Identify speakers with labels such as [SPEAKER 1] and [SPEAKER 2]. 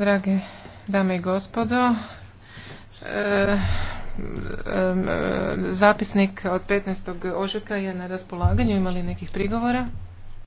[SPEAKER 1] Drage dame i gospodo, e, e, e, zapisnik od 15. ožujka je na raspolaganju, imali nekih prigovora?